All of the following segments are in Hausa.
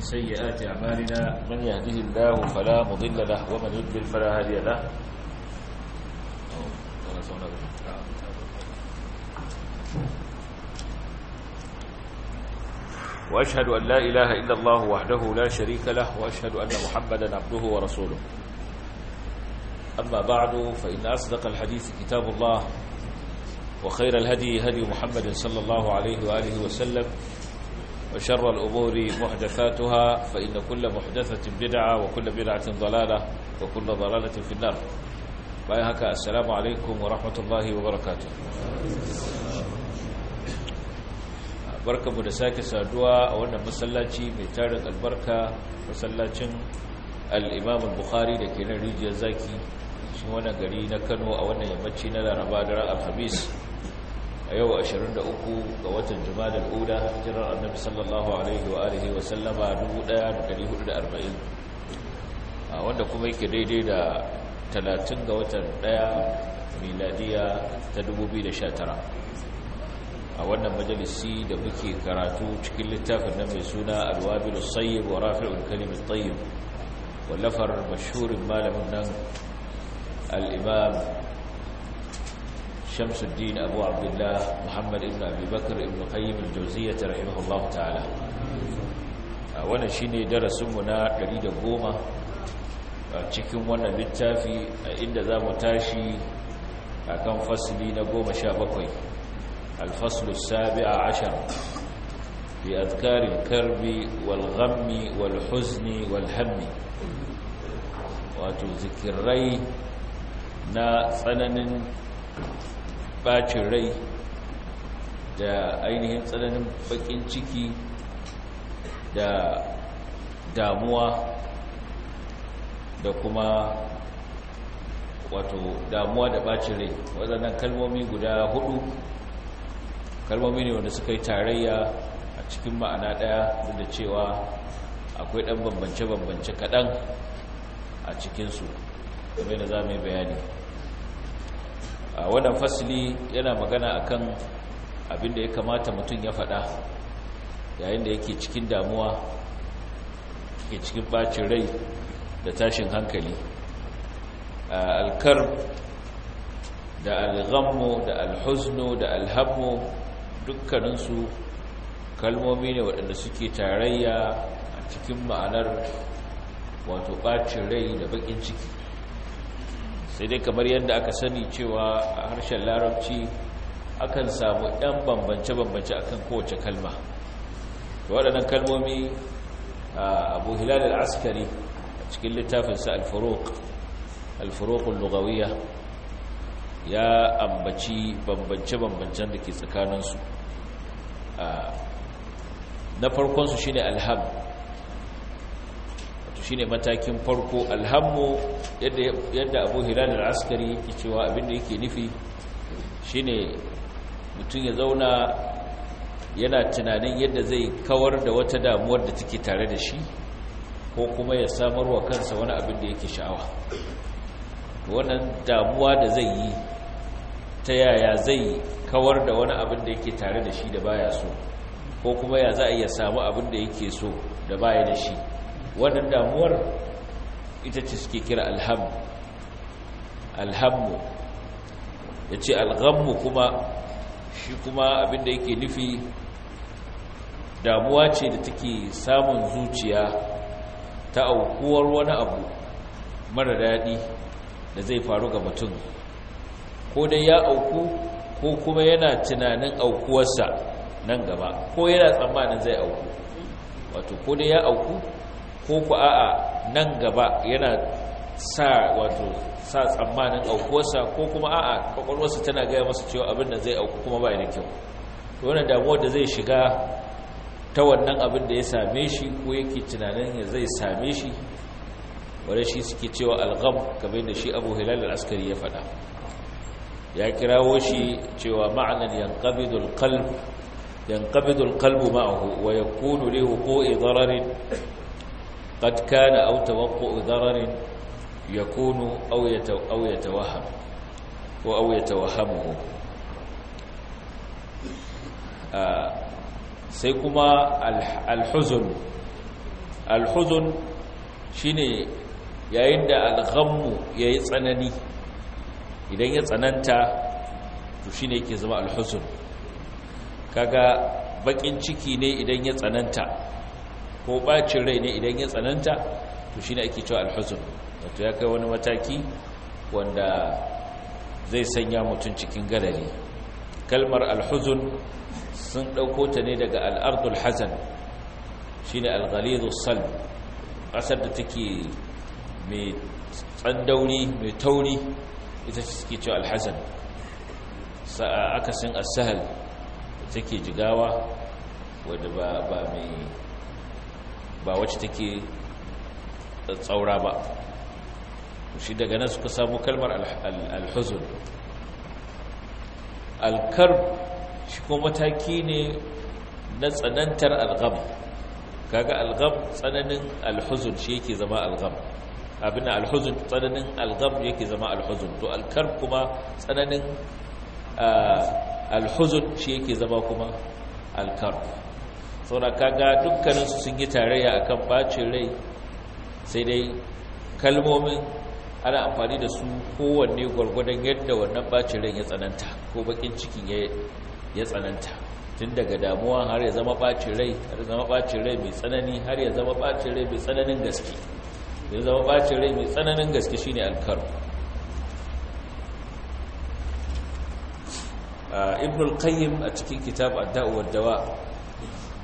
من سيئات أعمالنا من يهده الله فلا مضل له ومن يضلل فلا هادي له وأشهد أن لا إله إلا الله وحده لا شريك له وأشهد أن محمدا عبده ورسوله أما بعد فإن أصدق الحديث كتاب الله وخير الهدي هدي محمد صلى الله عليه وآله وسلم وشر الأمور محدثاتها فإن كل محدثة بدعة وكل بدعة ضلالة وكل ضلالة في النار بايهك السلام عليكم ورحمة الله وبركاته بركة مدساك سادوا وانا مسلاتي ميتارك البركة مسلاتي الإمام البخاري لكي نريد يزاكي شوانا قرينا كانوا وانا يمتشينا لربادر الخبيث a yau 23 ga watan jumada al'uda jirar annabi sallallahu alaihi wa alihi wa sallama 1440 wanda kuma yake daidai da 30 ga watan 1 miladiya ta 2019 a wannan majalisi da muke karatu cikin littafin na mai suna alwabilus sayyib wa rafi'ul kalimat tayyib wallafar mashhurin malamin nan al-imam shamsuddin abu abdullah muhammad ibn abubakar ibn qayyim al-jawziyyah rahimahullahu ta'ala ah, wannan shine darasinmu na a cikin wannan littafi a inda za mu tashi kan fasli na goma 17 al-faslu as-sabi'a 'ashar bi azkar al-karbi wal-ghammi wal-huzni wal-hammi wato zikirai na tsananin bacin rai da ainihin tsananin bakin ciki da damuwa da kuma wato damuwa da bacin rai waɗannan kalmomi guda hudu kalmomi ne wanda suka yi tarayya a cikin ma'ana ɗaya da cewa akwai ɗan bambance-bambance kaɗan a cikinsu game da za mu yi bayani a wannan fasili yana magana akan abin da ya kamata mutum ya faɗa yayin da yake cikin damuwa ke cikin bacin rai da tashin hankali alkar da alghammu da alhuznu da alhammu dukkaninsu kalmomi ne waɗanda suke tarayya a cikin ma'anar wato bacin rai da baƙin ciki sai dai kamar yadda aka sani cewa a harshen larabci akan samu 'yan bambance-bambance akan kowace kalma waɗannan kalmomi a abu hilal al'askari a cikin littafinsa al-furuq ya ambaci bambance-bambancen da ke tsakaninsu na farkonsu shine alham to shine matakin farko alhammu yadda yadda Abu Hilal al-Askari yake cewa abinda yake nufi shine mutum ya zauna yana tunanin yadda zai kawar da wata damuwa da take tare da shi ko kuma ya samarwa kansa wani abin da yake sha'awa wannan damuwa da zai yi ta yaya zai kawar da wani abin da yake tare da shi da baya so ko kuma ya za a iya samu abin da yake so da baya da shi wannan damuwar ita ce suke kira alham alhammu ya ce alhammu kuma shi kuma abinda yake nufi damuwa ce da take samun zuciya ta aukuwar wani abu mara daɗi da zai faru ga mutum ko dai ya auku ko kuma yana tunanin aukuwarsa nan gaba ko yana tsammanin zai auku wato ko dai ya auku ko ku a'a nan gaba yana sa wato sa tsammanin aukuwarsa ko kuma a'a kwakwalwarsa tana gaya masa cewa abin da zai auku kuma ba da kyau to wannan damuwar da zai shiga ta wannan abin da ya same shi ko yake tunanin ya zai same shi wanda shi suke cewa algham kamar da shi Abu Hilal al-Askari ya faɗa ya kirawo shi cewa ma'anan yanqabidul qalb yanqabidul qalbu ma'ahu wa yakunu li wuqu'i dararin قد كان أو توقع ضرر يكون أو أو يتوهم أو يتوهمه sai kuma alhuzun alhuzun shine yayin da alghammu yayi tsanani idan ya tsananta to shine yake zama alhuzun kaga baƙin ciki ne idan ya tsananta ko bacin rai ne idan ya tsananta to ne ake cewa alhuzun wato ya kai wani mataki wanda zai sanya mutum cikin galari kalmar alhuzun sun ɗauko ta ne daga al'ardul hazan shine alghalidu salm ƙasar da take mai tsandauri mai tauri ita ce suke cewa alhazan akasin asahal take jigawa wadda ba mai ba wacce take tsaura ba shi daga nan suka samu kalmar alhuzun alkar shi mataki ne na tsanantar algam kaga algam tsananin alhuzun shi yake zama algam abin alhuzun tsananin algam yake zama alhuzun to alkar kuma tsananin ah, alhuzun shi yake zama kuma alkar saboda kaga dukkaninsu sun yi tarayya akan bacin rai sai dai kalmomin ana amfani da su kowanne gwargwadon yadda wannan bacin rai ya tsananta ko bakin cikin ya tsananta tun daga damuwa har ya zama bacin rai har ya zama bacin rai mai tsanani har ya zama bacin rai mai tsananin gaske ya zama bacin rai mai tsananin gaske shine alkaru ah, ibn al-qayyim a cikin kitab ad-da'u dawa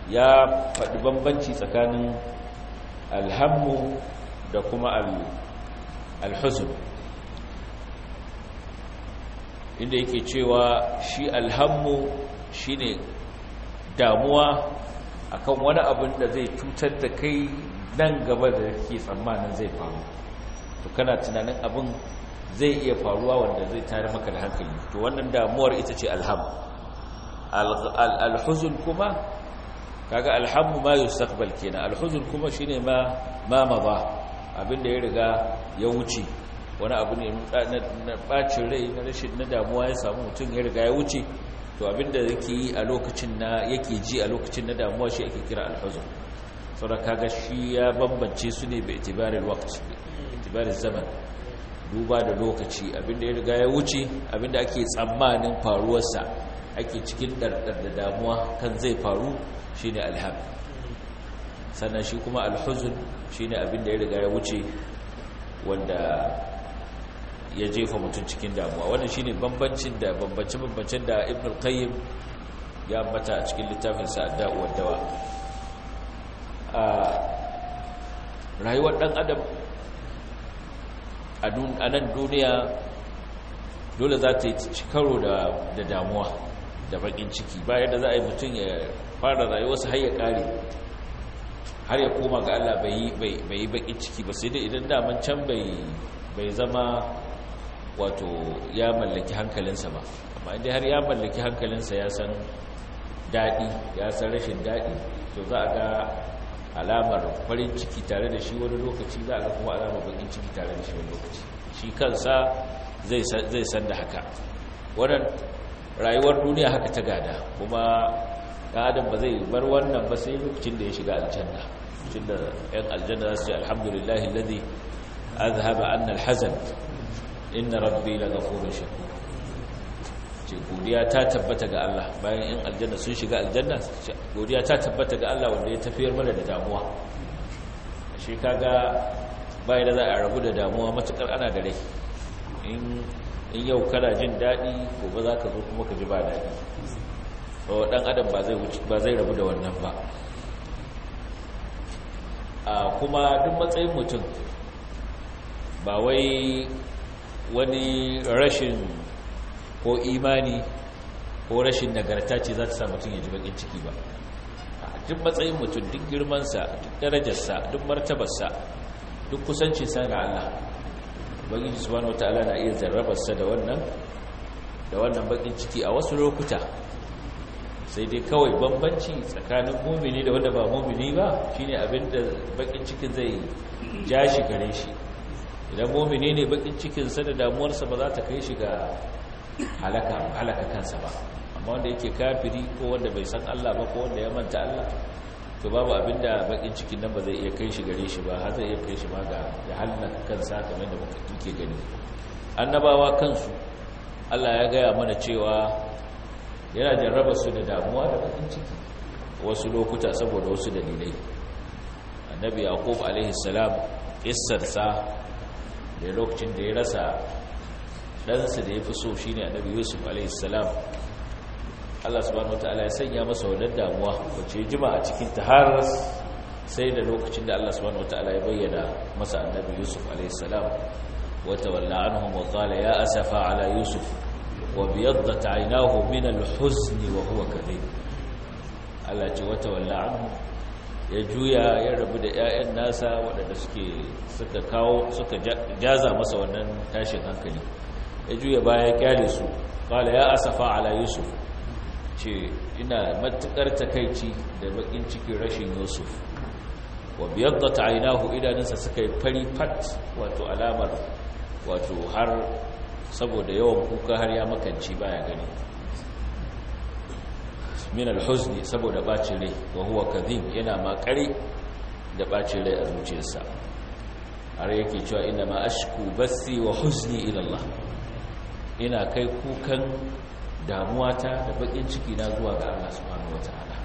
ya faɗi bambanci tsakanin alhammu da kuma alhuzun inda yake cewa shi alhammu shi ne damuwa akan wani abin da zai cutar da kai nan gaba da yake tsammanin zai faru to kana tunanin abin zai iya faruwa wanda zai tare maka da hankali to wannan damuwar ita ce alham alhuzun kuma kaga alhammu ma yustaqbal kenan alhuzn kuma shine ma ma abin abinda ya riga ya wuce wani abu ne na bacin rai na rashin na damuwa ya samu mutum ya riga ya wuce to abinda yake yi a lokacin na yake ji a lokacin na damuwa shi ake kira alhuzn saboda kaga shi ya bambance su ne bi itibaril zaman duba da lokaci abinda ya riga ya wuce abinda ake tsammanin faruwarsa ake cikin dardar da damuwa kan zai faru shine alham sannan shi kuma alhuzun shine abin da ya riga ya wuce wanda ya jefa mutum cikin damuwa wannan shine bambancin da bambancin bambancin da ibn al-qayyim ya ambata a cikin littafin sa da'u wa dawa a rayuwar dan adam a nan duniya dole za ta yi cikaro da damuwa da bakin ciki ba yadda za a yi mutum ya fara rayuwarsa har ya kare har ya koma ga Allah bai yi bakin ciki ba sai dai idan daman can bai zama wato ya mallaki hankalinsa ba amma inda har ya mallaki hankalinsa ya san daɗi ya san rashin daɗi to za a ga alamar farin ciki tare da shi wani lokaci za a ga kuma alamar bakin ciki tare da shi wani lokaci shi kansa zai san da haka wannan rayuwar duniya haka ta gada kuma ɗan adam ba zai bar wannan ba sai lokacin da ya shiga aljanna lokacin da ‘yan aljanna za su ce alhamdulillahi lazi azhaba an alhazan inna rabbi la ghafurur shakur ce godiya ta tabbata ga Allah bayan ‘yan aljanna sun shiga aljanna godiya ta tabbata ga Allah wanda ya tafiyar mana da damuwa shi kaga bai da za a rabu da damuwa matukar ana da rai in in yau kana jin daɗi gobe za ka zo kuma ka ji ba daɗi ba ɗan adam ba zai rabu da wannan ba kuma duk matsayin mutum ba wai wani rashin ko imani ko rashin nagarta ce za ta sa mutum ya ji bakin ciki ba duk matsayin mutum duk girmansa duk darajarsa duk martabarsa duk kusancinsa ga Allah Wani subhanahu wataala na iya jarrabarsa da wannan da wannan bakin ciki a wasu lokuta sai dai kawai bambanci tsakanin mumini da wanda ba mumini ba shine abinda bakin cikin zai ja shi gare shi idan mumini ne bakin cikinsa da damuwarsa ba za ta kai shi ga halaka kansa ba amma wanda yake kafiri ko wanda bai san Allah ba ko wanda ya manta Allah to babu abin da bakin cikin nan ba zai iya kai shi gare shi ba har zai iya kai shi ma ga da halin kansa kamar da muka kike gani annabawa kansu Allah ya gaya mana cewa yana jarraba su da damuwa da bakin ciki wasu lokuta saboda wasu dalilai annabi yaqub alaihi salam kissarsa da lokacin da ya rasa ɗansa da ya fi so shine annabi yusuf alaihi salam Allah subhanahu wataala ya sanya masa wannan damuwa wacce jima a cikin ta har sai da lokacin da Allah subhanahu wataala ya bayyana masa annabi Yusuf alaihi salam wa tawalla anhum wa ya asafa ala yusuf wa biyaddat aynahu min al-huzn wa huwa kadhib Allah ce wata tawalla anhum ya juya ya rabu da 'ya'yan nasa waɗanda suke suka kawo suka jaza masa wannan tashin hankali ya juya baya ya kyale su qala ya asafa ala yusuf ce ina matukar takaici da bakin cikin rashin yusuf wa biyaddat aynahu idanunsa suka yi fari fat wato alamar wato har saboda yawan kuka har ya makanci baya gani min alhuzni saboda bacin rai wa huwa kadhib yana makare da bacin rai a zuciyarsa har yake cewa inna ma ashku basi wa huzni ila Allah ina kai kukan damuwata da bakin ciki na zuwa ga Allah subhanahu wataala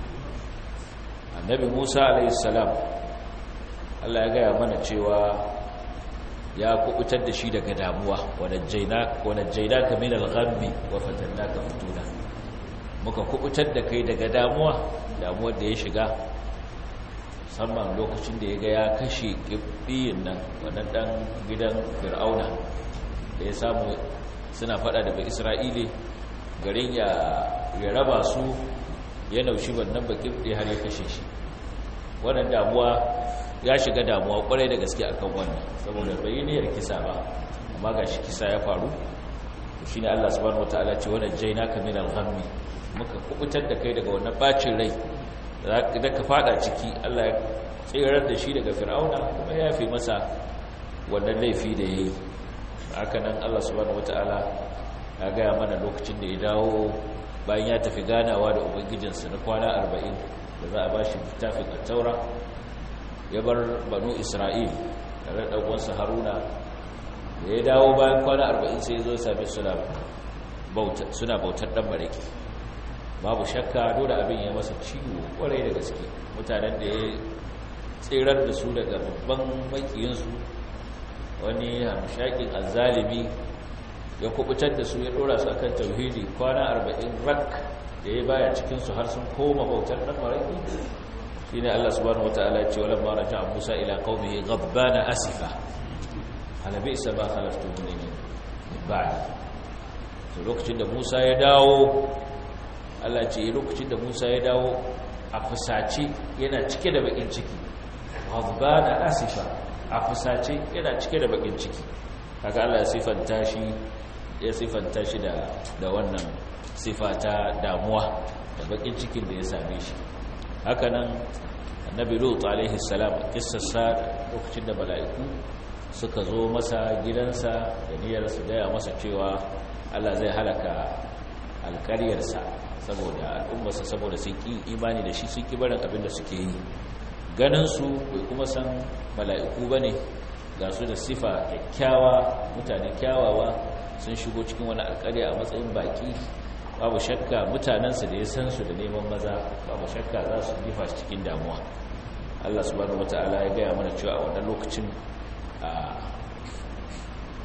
annabi Musa alayhi salam Allah ya gaya mana cewa ya kubutar da shi daga damuwa jaina ka min al-ghammi wa fatannaka futuna muka kubutar da kai daga damuwa damuwar da ya shiga musamman lokacin da ya ga ya kashe kibbiyin nan wannan dan gidan fir'auna da ya samu suna fada da bai isra'ili garin ya raba su ya naushi wannan bakin ɗaya har ya kashe shi wannan damuwa ya shiga damuwa kwarai da gaske a kan wannan saboda bai yi niyyar kisa ba amma ga shi kisa ya faru Shin ne Allah subhanahu wataala ce wannan jai na al alhammi muka kubutar da kai daga wannan bacin rai da ka fada ciki Allah ya tsirar da shi daga fir'auna kuma ya fi masa wannan laifi da yayi haka nan Allah subhanahu wataala ya gaya mana lokacin da ya dawo bayan ya tafi ganawa da ubangijinsa na kwana arba'in da za a ba shi littafin a taura ya bar banu isra'il tare da ɗanwansa haruna da ya dawo bayan kwana arba'in sai ya zo sami suna bautar ɗan mariki babu shakka dole abin ya masa ciwo kwarai da gaske mutanen da ya tserar da su daga babban makiyinsu wani hamshakin azalimi ya kubutar da su ya dora su akan tauhidi kwana 40 rak da ya baya cikin su har sun koma bautar dan maraki shine Allah subhanahu wataala ya ce wala ma raja'a Musa ila qaumihi ghadbana asifa ala bi'sa ma khalaftum ba ba'd to lokacin da Musa ya dawo Allah ce eh, lokacin da Musa ya dawo a fusace yana cike da bakin ciki ghadbana asifa a fusace yana cike da bakin ciki kaga Allah ya sifanta shi ya sifanta shi da wannan sifa ta damuwa da bakin cikin da ya same shi hakanan annabi ruta alaihi salam lokacin da mala'iku suka zo masa gidansa da niyyar su gaya masa cewa Allah zai halaka alƙaryarsa saboda al'ummarsa saboda sun ƙi imani da shi sun ƙi barin abin da suke yi ganinsu bai kuma san mala'iku ba ne ga su da sifa kyakkyawa mutane kyawawa sun shigo cikin wani alƙarya a matsayin baƙi babu shakka mutanensu da ya san su da neman maza babu shakka za su jefa cikin damuwa Allah subhanahu wata'ala ya gaya mana cewa a wannan lokacin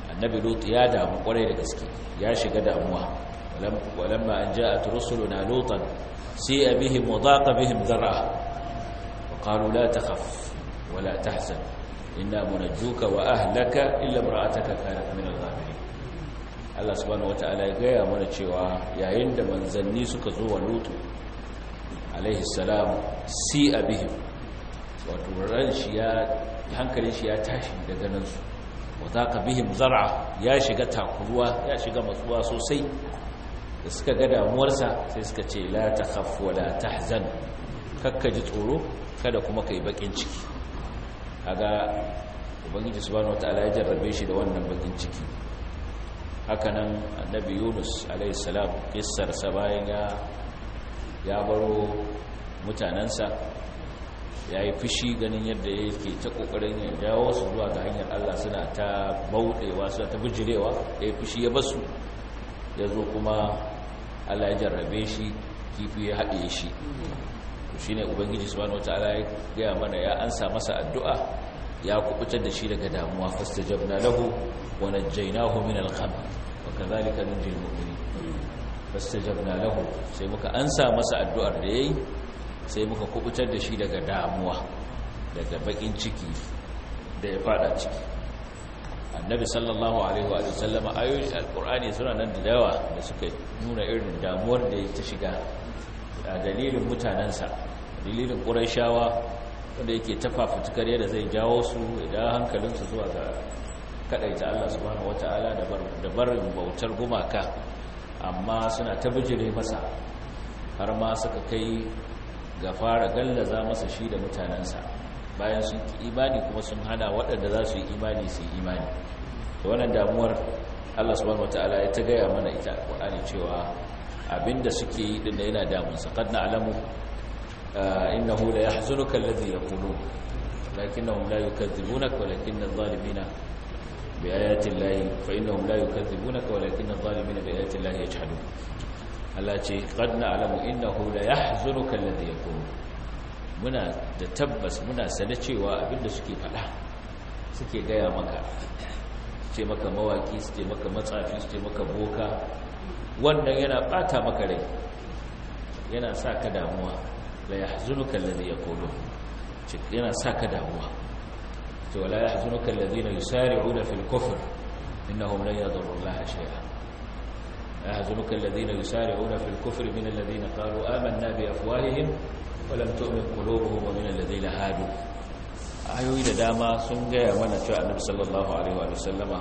annabi Lut ya damu kwarai da gaske ya shiga damuwa walamma an ja'at rusuluna lutan sai bihim wa daqa bihim dhar'a wa qalu la takhaf wa la tahzan inna munajjuka wa ahlaka illa imra'ataka kanat min al-ghabin Allah subhanahu wata'ala ya gaya mana cewa yayin da manzanni suka zo wa lutu alaihi salam si abihim wato ran shi ya hankalin shi ya tashi daga nan su wadaka bihim zar'a ya shiga takuruwa ya shiga matsuwa sosai da suka ga damuwarsa sai suka ce la takhaf wa la tahzan kakka ji tsoro kada kuma kai bakin ciki kaga ubangiji subhanahu wataala ya jarrabe shi da wannan bakin ciki hakanan annabi yunus alaihissalam kissarsa bayan ya baro mutanensa ya yi fushi ganin yadda ya yake ta kokarin ya jawo su zuwa ga hanyar allah suna ta bauɗewa suna ta bujirewa ya yi fushi ya basu ya zo kuma allah ya jarrabe shi kifi ya haɗe shi shi ne ubangiji wata ala ya gaya mana ya ansa masa addu'a ya kubutar da shi daga damuwa fasta jabna lahu wa najjaynahu min al-gham wa kadhalika nunji al fasta jabna lahu sai muka ansa masa addu'ar da yayi sai muka kubutar da shi daga damuwa daga bakin ciki da ya fada ciki annabi sallallahu alaihi wa sallama ayoyin alqur'ani suna nan da yawa da suka nuna irin damuwar da ya ta shiga a dalilin mutanansa dalilin qurayshawa wanda yake tafafutukar yadda zai jawo su idan hankalinsu zuwa ga kadaita Allah subhanahu wata'ala da barin bautar gumaka amma suna ta bijire masa har ma suka kai ga fara gallaza masa shi da mutanensa bayan sun ki imani kuma sun hana waɗanda za su yi imani su yi imani da wannan damuwar Allah subhanahu ala ya ta gaya mana ita cewa abinda suke yi ɗin da yana damunsa qad alamu. innahu la yahzunuka alladhi yaqulun lakinnahum la yukadzibunaka walakinna la yukadzibunaka walakinna adh-dhalimina biayati llahi yajhadun Allah ce qad na'lamu innahu la yahzunuka alladhi yaqulun da tabbas muna sane cewa abinda suke faɗa suke gaya maka ce mawaki su ce boka wannan yana bata maka rai yana sa ka damuwa لا يحزنك الذي يقولون شكرنا ساك هو ولا يحزنك الذين يسارعون في الكفر إنهم لن يضروا الله شيئا لا يحزنك الذين يسارعون في الكفر من الذين قالوا آمنا بأفواههم ولم تؤمن قلوبهم ومن الذين هادوا أعيوه إذا داما سنجا يوانا شاء النبي صلى الله عليه وسلم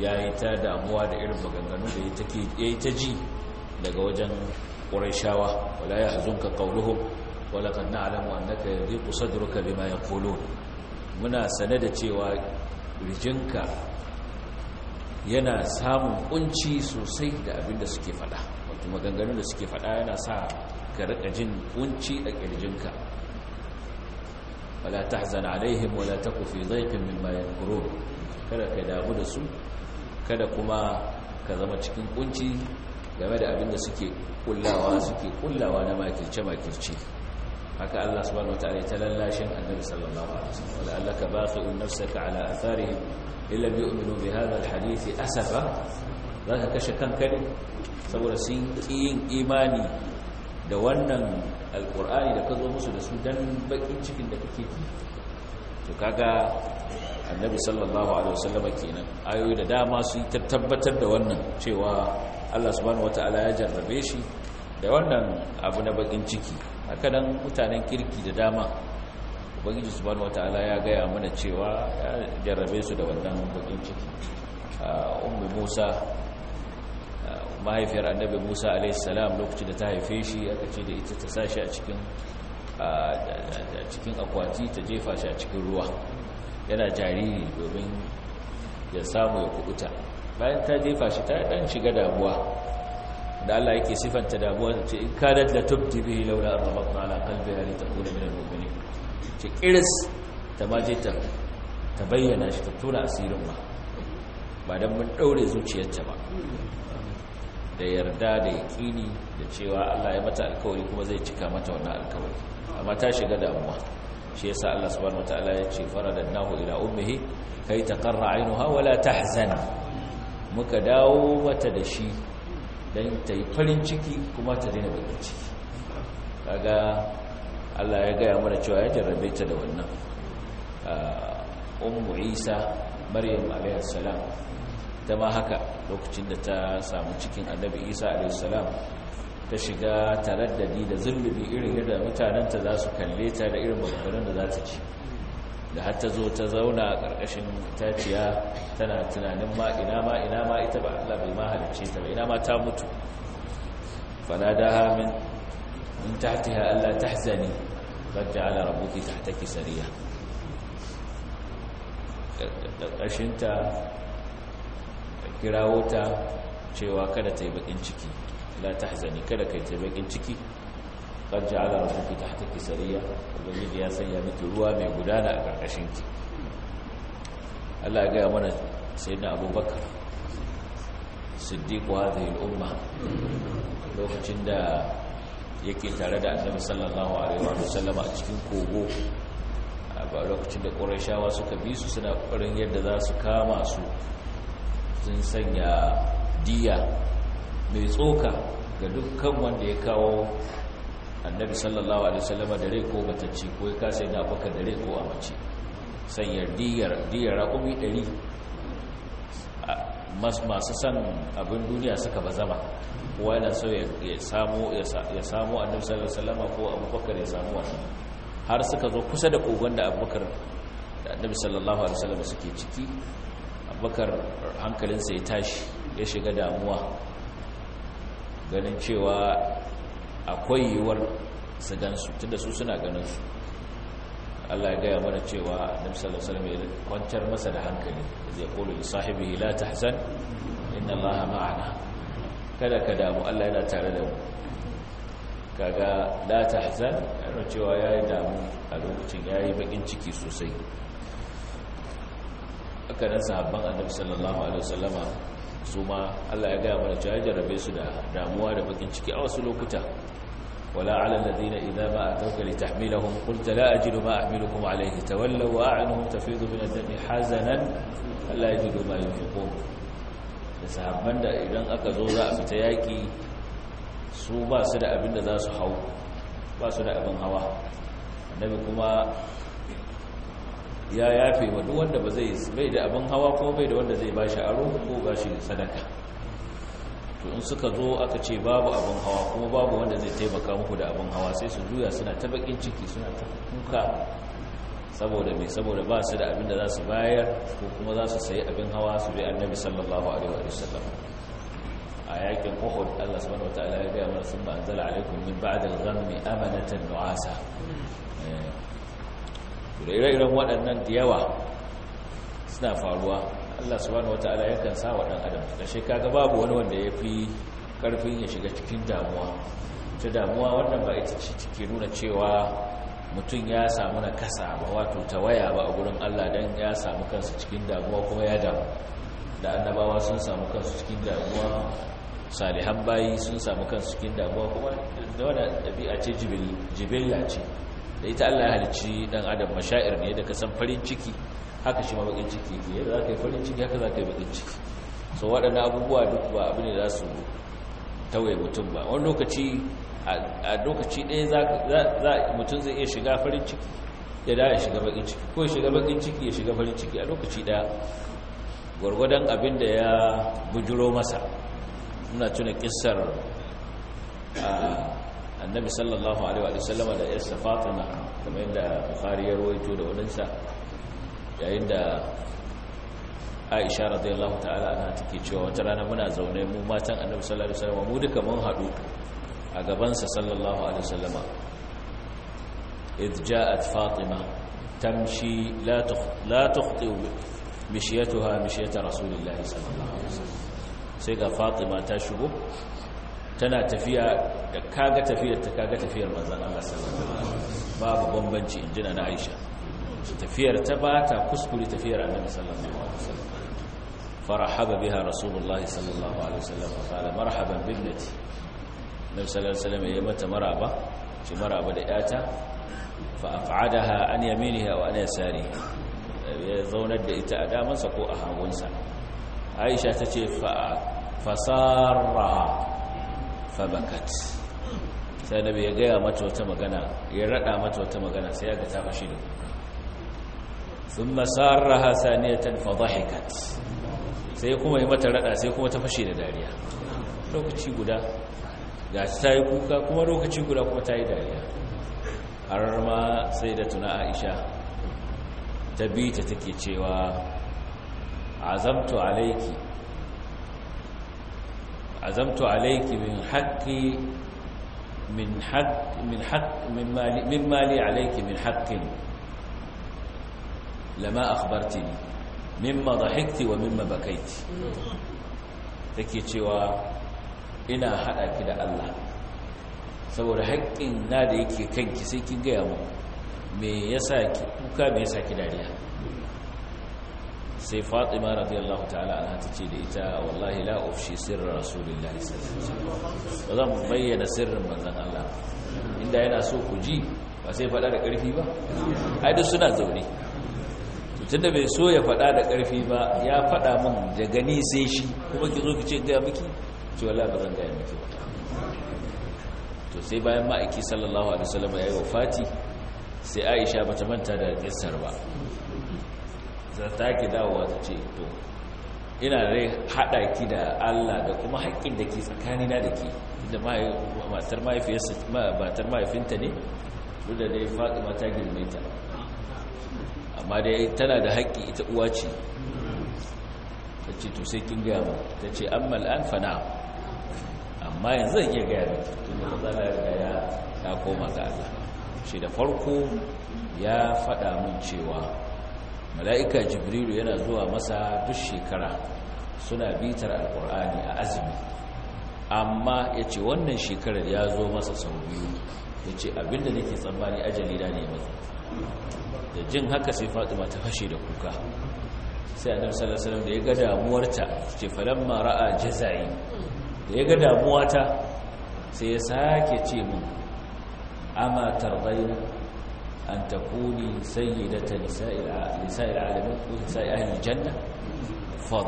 يا إتاد أمواد إرم وقنقنون يتجي daga wajen ƙuraishawa wala ya yahzunka ƙauluhu wala kad na'lamu annaka yadhiqu ma ya kolo? muna sane da cewa rijinka yana samun ƙunci sosai da abinda suke fada wato maganganun da suke fada yana sa ka rika jin ƙunci a ƙirjinka. wala ta tahzan alaihim wala taku fi dhayqin mimma kuro kada ka damu da su kada kuma ka zama cikin ƙunci. game da abinda suke kullawa suke kullawa na makirce-makirce haka Allah subhanahu wataala ya talallashin annabi sallallahu alaihi wasallam wala allaka baqi'un nafsaka ala atharihim illa yu'minu bi hadha alhadith asafa zaka kashe kanka ne saboda sun yin imani da wannan alqur'ani da kazo musu da su dan bakin cikin da kake ki to kaga annabi sallallahu alaihi wasallam kenan ayoyi da dama su tabbatar da wannan cewa Allah subhanahu wataala ya jarrabe shi da wannan abu na bakin ciki haka nan mutanen kirki da dama ubangiji subhanahu wataala ya gaya mana cewa ya jarrabe su da wannan bakin ciki ummu Musa mahaifiyar annabi Musa alayhi salam lokacin da ta haife shi aka ce da ita ta sashi a cikin a cikin akwati ta jefa shi a cikin ruwa yana jariri domin ya samu ya kubuta bayan ta jefa shi ta dan shiga damuwa da Allah yake sifanta damuwa ce in kadat la tubdi bihi laula arbatna ala qalbiha li takuna min al-mu'minin ce kiris ta maje ta ta bayyana shi ta tura asirin ma ba dan mun daure zuciyarta ba da yarda da yakini da cewa Allah ya mata alkawari kuma zai cika mata wannan alkawari amma ta shiga damuwa shi yasa Allah subhanahu ta'ala ya ce faradannahu ila ummihi kai taqarra aynuha wala tahzana muka dawo mata da shi don ta yi farin ciki kuma ta daina bakin ciki kaga Allah ya gaya mana cewa ya jarrabe ta da wannan ah, ummu isa maryam a.s. ta ma haka lokacin da ta samu cikin annabi isa a.s. ta shiga taraddadi da zullubi irin yadda mutanenta za su kalle ta da irin maganganun da za ta ci da har ta zo ta zauna a ƙarƙashin taciya tana tunanin ma ina ma ina ma ita ba Allah bai ma halicce ta ba ina ma ta mutu fanadaha min min tahtiha alla tahzani qad ja'ala rabbuki tahtaki sariya ƙarƙashin ta kirawo ta cewa kada ta yi bakin ciki la tahzani kada kai ta yi bakin ciki kan ci ala rafuki ta hata kisariya wajen ya sanya miki ruwa mai gudana a ƙarƙashinki allah ya gaya mana sai na abubakar siddiqu wa zai umma lokacin da yake tare da annabi sallallahu alaihi wa sallama a cikin kogo a lokacin da ƙorashawa suka bi su suna ƙoƙarin yadda za su kama su sun sanya diya mai tsoka ga dukkan wanda ya kawo annabi sallallahu alaihi wasallam da rai ko batacci ko ya kasa da baka da rai ko a mace sanyar diyar diyar raƙumi 100 masu san abin duniya suka bazama kowa yana so ya samu ya samu annabi sallallahu alaihi wasallam ko abubakar ya samu wannan har suka zo kusa da kogon da abubakar da annabi sallallahu alaihi wasallam suke ciki abubakar hankalinsa ya tashi ya shiga damuwa ganin cewa akwai yiwuwar su gansu tunda su suna ganin su Allah ya gaya mana cewa Annabi sallallahu alaihi wasallam ya kwantar masa da hankali zai kula da sahibi la tahzan inna Allaha ma'ana kada ka damu Allah yana tare da mu kaga la tahzan yana cewa yayi damu a lokacin yayi bakin ciki sosai aka nan sahabban Annabi sallallahu alaihi wasallama su ma Allah ya gaya mana cewa ya su da damuwa da bakin ciki a wasu lokuta ولا على الذين إذا ما أتوك لتحملهم قلت لا أجد ما أحملكم عليه تولوا وأعنهم تفيض من الدم حزنا ألا يجدوا ما ينفقون da idan aka zo za fita yaki su ba su da abin da za su hau ba su da abin hawa annabi kuma ya yafe wa duk wanda ba zai bai da abin hawa ko bai da wanda zai bashi aro ko bashi sadaka to in suka zo aka ce babu abin hawa kuma babu wanda zai taimaka muku da abin hawa sai su juya suna ta bakin ciki suna ta kuka saboda mai saboda ba su da abin da za su bayar ko kuma za su sayi abin hawa su bi annabi sallallahu alaihi wa sallam a yakin uhud Allah subhanahu wataala ya gaya mana sunna anzala alaikum min ba'da al-ghammi amanatan nu'asa eh. ire-iren waɗannan da yawa suna faruwa Allah subhanahu wataala yakan sa wa dan adam da shi kaga babu wani wanda ya fi karfin ya shiga cikin damuwa ta damuwa wannan ba ita ce take nuna cewa mutum ya samu na kasa ba wato ta waya ba a gurin Allah dan ya samu kansa cikin damuwa kuma ya damu da annabawa sun samu kansu cikin damuwa salihan bayi sun samu kansu cikin damuwa kuma da wani ce jibilla ce da ita Allah ya halicci ɗan adam mashair ne da kasan farin ciki haka shi mabakin bakin ciki ke yadda za ka yi farin ciki haka za ka yi bakin ciki so waɗanda abubuwa duk ba abin da za su tawaye mutum ba wani lokaci a lokaci ɗaya mutum zai iya shiga farin ciki ya da ya shiga bakin ciki ko ya shiga bakin ciki ya shiga farin ciki a lokaci ɗaya gwargwadon abin da ya bujuro masa muna tuna kissar annabi sallallahu alaihi wa sallama da yasa fatima kamar yadda bukhari ya rawaito da wadansa yayin da aisha radiyallahu ta'ala ana take cewa wata rana muna zaune mu matan annabi sallallahu alaihi wasallam mu duka mun hadu a gabansa sallallahu alaihi wasallama idh ja'at fatima tamshi la la tukhti mishiyatuha mishiyata rasulillahi sallallahu alaihi wasallam sai ga fatima ta shigo tana tafiya da kaga tafiyar ta kaga tafiyar manzon Allah sallallahu alaihi wasallam babu bambanci injina na aisha tafiyar ta bata kuskure tafiyar annabi sallallahu alaihi wasallam farahaba biha rasulullahi sallallahu alaihi wasallam qala marhaban bi ibnati nabi sallallahu ya mata maraba ce maraba da yata fa aq'adaha an yaminiha wa an yasariha ya zaunar da ita a damansa ko a aisha ta ce fasarraha sai nabi ya gaya mata wata magana ya rada mata wata magana sai ya ga ta fashe da ثم سارها ثانية فضحكت sai kuma yi mata rada sai kuma ta fashe da dariya lokaci guda ga ta yi kuka kuma lokaci guda kuma ta yi dariya har ma sai da tuna aisha ta bi ta take cewa azamtu alaiki azamtu alaiki min haqqi min haqq min haqq min mali min mali alaiki min haqqin lama akhbartini mimma dhahikti wa mimma bakaiti take cewa ina haɗa ki da Allah saboda haƙƙin na da yake kanki sai kin gaya mu me yasa ki kuka me sa ki dariya sai Fatima radiyallahu ta'ala anha tace da ita wallahi la ufshi sirra rasulillahi sallallahu alaihi wasallam ba zan bayyana sirrin manzon Allah inda yana so ku ji ba sai faɗa da ƙarfi ba ai duk suna zaune mutum da bai so ya faɗa da ƙarfi ba ya faɗa min da gani sai shi kuma ki zo ki ce gaya miki ce wala ba zan gaya miki ba to sai bayan ma'aiki sallallahu alaihi wasallam ya yi wafati sai aisha ba ta manta da kissar ba za ta ki dawowa ta ce to ina rai haɗa ki da Allah da kuma haƙƙin da ke tsakanina da ke da matar mahaifinta ne duk da dai faɗi mata girmeta amma dai tana da haƙƙi ita uwa ce ta ce to sai kin gaya mu ta ce amma al'an fana amma yanzu zan iya gaya da tun da matsala ya ya ta koma ga Allah shi da farko ya faɗa mun cewa mala'ika jibrilu yana zuwa masa duk shekara suna bitar alƙur'ani a azumi amma yace wannan shekarar ya zo masa sau biyu ya ce abinda nake tsammani ajali jarida ne mazu da jin haka sai fatima ta fashe da kuka sai a sallallahu alaihi da ya ga damuwarta ce falamma ra'a jazai da ya ga damuwata sai ya sake ce mun ama tardaina an takuni sayyidatan nisa'il nisa'il alamin ko nisa'i ahli janna fa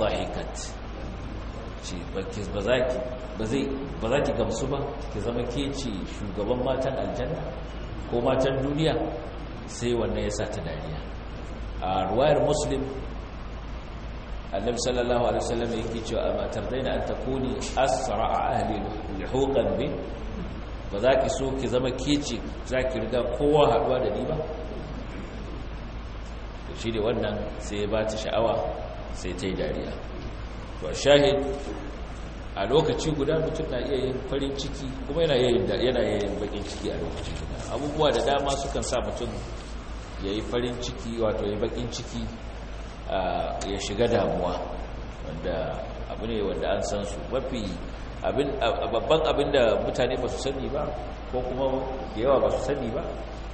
ce ba za ki ba zai ba za ki gamsu ba ki zama ke ce shugaban matan aljanna ko matan duniya sai wannan ya sa ta dariya a ruwayar muslim annabi sallallahu alaihi wasallam yake cewa amma tardaina an takuni a ahli lihuqan bin ba za ki so ki zama kici za ki riga kowa haɗuwa da ni ba shi ne wannan sai ba ta sha'awa sai ta yi dariya to shahid a lokaci guda mutum na iya yin farin ciki kuma yana yin bakin ciki a lokaci abubuwa da dama sukan sa mutum ya yi farin ciki wato ya bakin ciki ya shiga damuwa wanda abu ne wanda an san su mafi babban abin da mutane ba su sani ba ko kuma da yawa ba su sani ba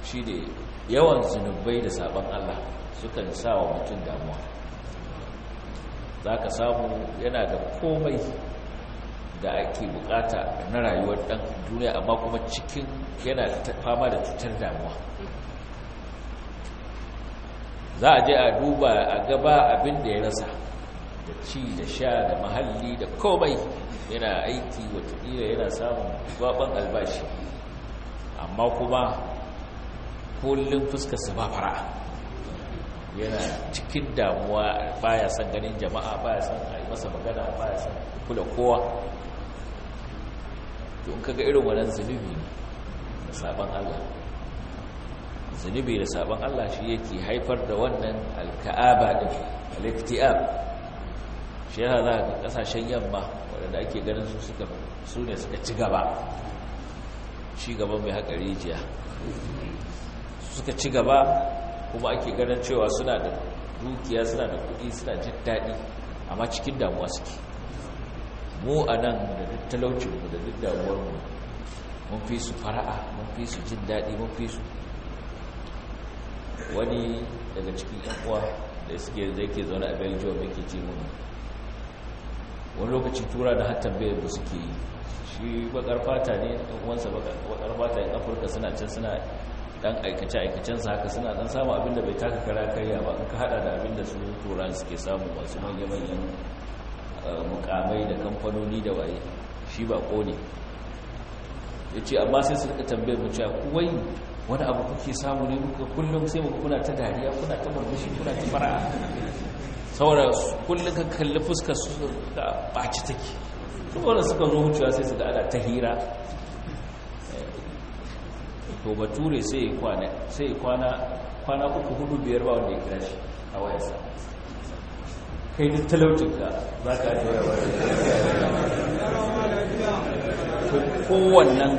shi ne yawan zunubai da sabon Allah sukan sa wa mutum damuwa za ka samu yana da komai da ake bukata na rayuwar dan duniya amma kuma cikin yana fama da cutar damuwa za a je a duba a gaba abin da ya rasa da ci da sha da mahalli da komai yana aiki watakila yana samun gwaban albashi amma kuma kullum fuskarsa ba fara yana cikin damuwa baya son ganin jama'a baya son a yi masa magana baya son kula kowa to in kaga irin wannan zunubi da saban Allah zunubi da saban Allah shi yake haifar da wannan alka'aba da al-iktiab shi ya za ga kasashen yamma wanda ake ganin su suka su ne suka ci gaba shi gaban mai haƙa rijiya suka ci gaba kuma ake ganin cewa suna da dukiya suna da kuɗi suna jin daɗi amma cikin damuwa suke mu a nan da duk talaucinmu da duk damuwarmu mun fi su fara'a mun fi su jin daɗi mun fi su wani daga cikin uwa da suke da ke zaune a belgium yake ce mun wani lokaci tura da hatan bayan da suke yi shi bakar fata ne uwansa bakar fata yin afirka suna can suna dan aikace-aikacensa haka suna dan samu abinda bai taka kara karya ba in ka hada da abinda su turan suke samu masu manya-manyan mukamai da kamfanoni da waye shi ba ko ne ya ce amma sai su rika tambayar mu cewa kuwai wani abu kuke samu ne muka kullum sai muka kuna ta dariya kuna ta barbushi kuna ta fara saboda kullum ka kalli fuskar su da baci take saboda suka zo wucewa sai su da ana ta hira to bature sai kwana sai kwana kwana uku hudu biyar ba wanda ya kira shi a wayarsa kai talautin talaucinka za ka yi kowannan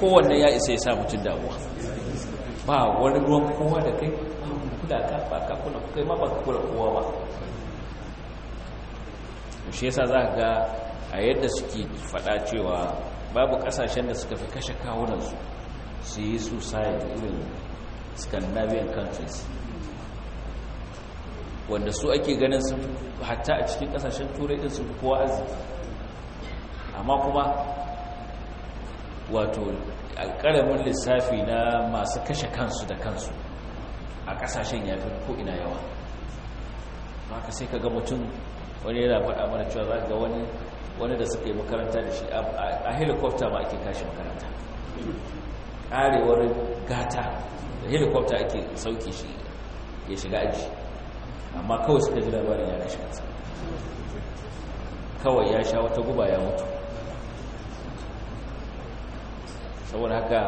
kowannan ya isa ya sa mutum damuwa ba wani ruwan kowa da kai da ka ba ka kula kai ma ba ka kula kowa ba shi yasa za ga a yadda suke faɗa cewa babu ƙasashen da suka fi kashe kawunansu su yi su irin scandinavian countries wanda su ake ganin su hatta a cikin kasashen turai din sun kowa arziki amma kuma wato ƙaramin lissafi na masu kashe kansu da kansu a kasashen ya fi ko'ina yawa haka sai ka ga mutum wani yana faɗa mana cewa za ga wani wani da suka yi makaranta da shi a helicopter ma ake kashe makaranta ƙarewar gata da helicopter ake sauke shi ya shiga aji amma kawai suka ji labarin ya kashe kansa kawai ya sha wata guba ya mutu saboda haka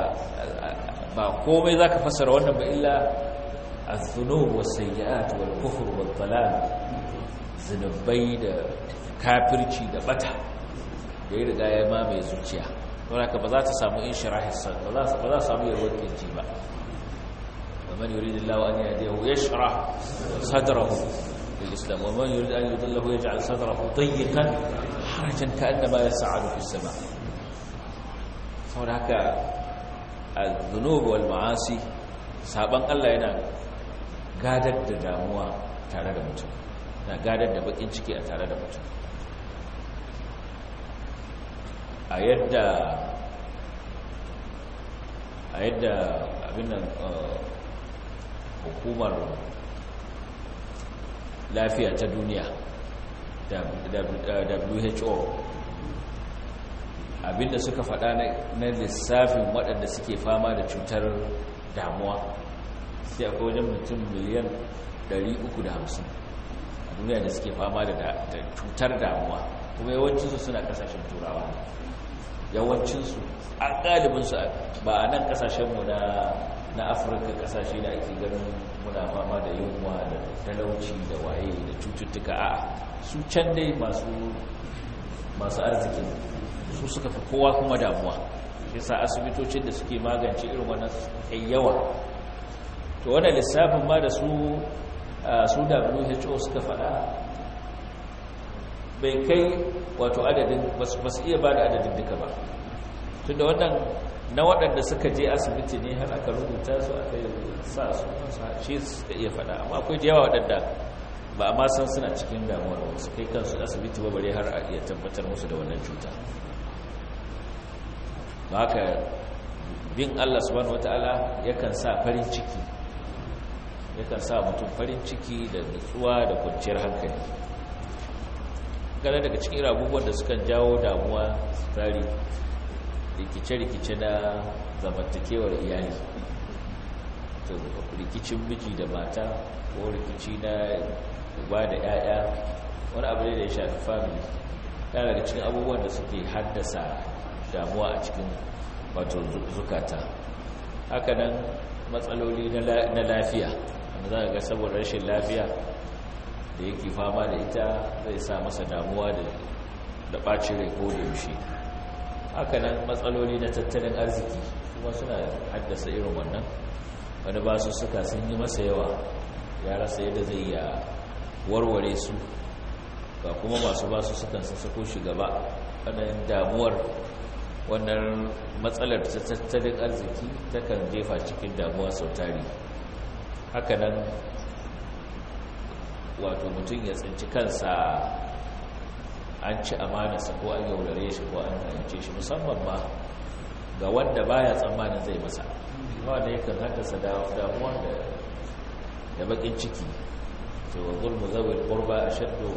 ba komai za ka fassara wannan ba illa a zunub wa sayyat wani kufur wa zunubai da kafirci da bata da yi riga ya mamaye zuciya saboda haka ba za ta samu inshirahi ba za ta samu yawon kirji ba ومن يريد الله أن يهديه يشرح صدره للإسلام ومن يريد أن يضله يجعل صدره ضيقا حرجا كأنما يسعد في السماء هناك الذنوب والمعاصي saban Allah yana قادت da تعالى tare قادت mutum انشكي gadar da أيد أيد a tare آه، hukumar lafiya ta duniya who abinda suka faɗa na lissafin waɗanda suke fama da cutar damuwa sai a wajen mutum miliyan 350 a duniya da suke fama da cutar damuwa kuma yawancinsu suna ƙasashen turawa yawancinsu a galibinsu ba a nan ƙasashenmu na na afirka kasashe da ake ganin muna fama da yunwa da talauci da waye da cututtuka a su can dai masu arzikin arziki su suka fi kowa kuma damuwa shi sa asibitocin da suke magance irin wannan kai yawa to wadda lissafin ma da su su WHO suka faɗa bai kai wato adadin ba su iya ba da adadin duka ba da wannan na waɗanda suka je asibiti ne har aka rubuta su aka yi sa su shi suka iya faɗa amma akwai da yawa waɗanda ba a san suna cikin damuwar wasu kai kansu asibiti ba bare har a iya tabbatar musu da wannan cuta ba haka bin Allah subhanahu Ta'ala yakan sa farin ciki yakan sa mutum farin ciki da nutsuwa da kwanciyar hankali gane daga cikin abubuwan da sukan jawo damuwa tsari rikice-rikice na zamantakewar iyali to rikicin miji da mata ko rikici na uba da 'ya'ya wani abu ne da ya shafi family yana daga cikin abubuwan da suke haddasa damuwa a cikin wato zukata Haka nan, matsaloli na lafiya wanda za a ga saboda rashin lafiya da yake fama da ita zai sa masa damuwa da ɓacin rai ko da yaushe hakanan matsaloli na tattalin arziki kuma suna haddasa irin wannan wani ba su suka sun yi masa yawa ya rasa yadda zai iya warware su ba kuma masu basu sukan sassako shi gaba wannan damuwar wannan matsalar ta tattalin arziki ta kan jefa cikin damuwa sau tari hakanan wato mutum ya tsinci kansa an ci amanarsa ko an yaurare shi ko an halince shi musamman ba ga wanda baya tsammanin zai masa da yakan haddasa damuwa da bakin ciki cewa zulmu zawil qurba ashaddu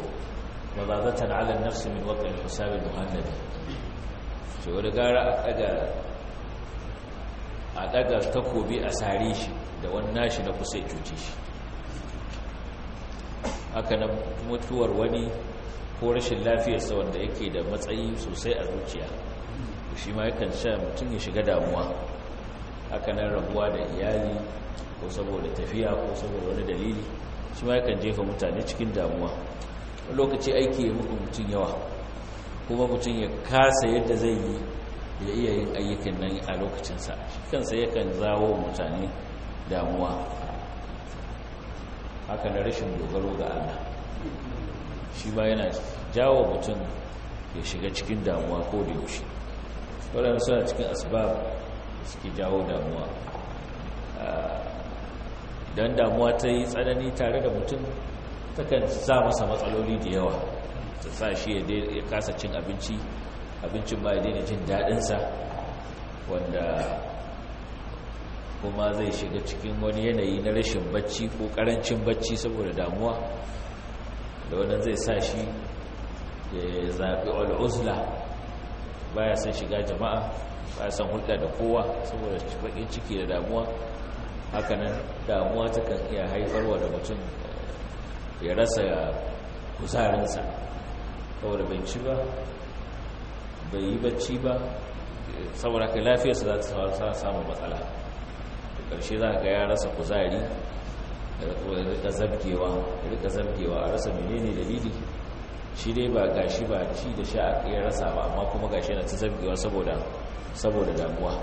mazazatan ala an-nafs min waqi' hisab al-muhannad to da gara a daga a daga takobi a sare shi da wani nashi na kusa ya cuce shi haka na mutuwar wani ko rashin lafiyarsa wanda yake da matsayi sosai a zuciya shi ma yakan sha mutum ya shiga damuwa hakanan rabuwa da iyali ko saboda tafiya ko saboda wani dalili shi ma yakan jefa mutane cikin damuwa lokaci aiki ya muku mutum yawa kuma mutum ya kasa yadda zai yi ya iya yin ayyukan nan a lokacinsa shi kansa yakan zawo mutane damuwa haka na rashin dogaro ga Allah shi ba yana jawo mutum ya shiga cikin damuwa ko da yaushe waɗanda suna cikin asbab da suke jawo damuwa ah, idan damuwa ta yi tsanani tare da mutum ta kan sa masa matsaloli da yawa ta sa shi ya kasa cin abinci abincin ba ya daina jin daɗinsa wanda kuma zai shiga cikin wani yanayi na rashin bacci ko ƙarancin bacci saboda damuwa da wani zai sa shi ya zaɓi al'uzla ba ya san shiga jama'a ba ya san hulɗa da kowa saboda baƙin ciki da damuwa hakanan damuwa ta kan iya haifarwa da mutum ya rasa kusarinsa saboda bai ci ba bai yi bacci ba saboda ka lafiyarsa za ta samun matsala ƙarshe za ka ya rasa kuzari rika zabgewa rika zabgewa a rasa menene dalili shi dai ba gashi ba shi da sha ya rasa ba amma kuma gashi yana ta zabgewa saboda saboda damuwa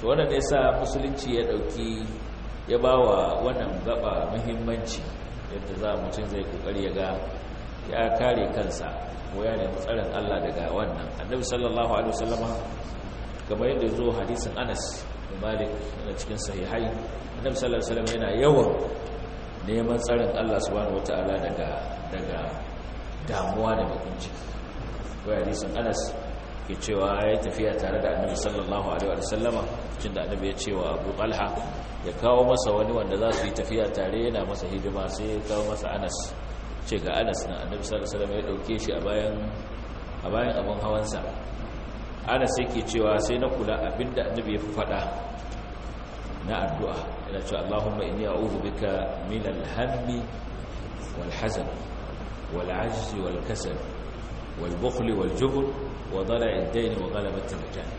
to wannan ne sa musulunci ya dauki ya bawa wannan gaba muhimmanci yadda za mutum zai kokari ya ga ya kare kansa ko ya nemi Allah daga wannan annabi sallallahu alaihi wasallama kamar yadda zo hadisin Anas malik na cikin sahihai annabi sallallahu alaihi yana yawan neman tsarin Allah subhanahu wataala daga daga damuwa da bakin ciki wai hadisin Anas ke cewa ya tafiya tare da annabi sallallahu alaihi wasallama cikin da annabi ya cewa Abu Talha ya kawo masa wani wanda za su yi tafiya tare yana masa hidima sai ya kawo masa Anas ce ga Anas na annabi sallallahu alaihi ya dauke shi a bayan a bayan abun hawansa ana sai ke cewa sai na kula abinda annabi ya fi faɗa na addu'a yana cewa Allahumma inni a'udhu bika min al-hammi wal hazan wal ajzi wal kasal wal bukhl wal jubn wa dala'i ad-dayn wa ghalabati al-rijal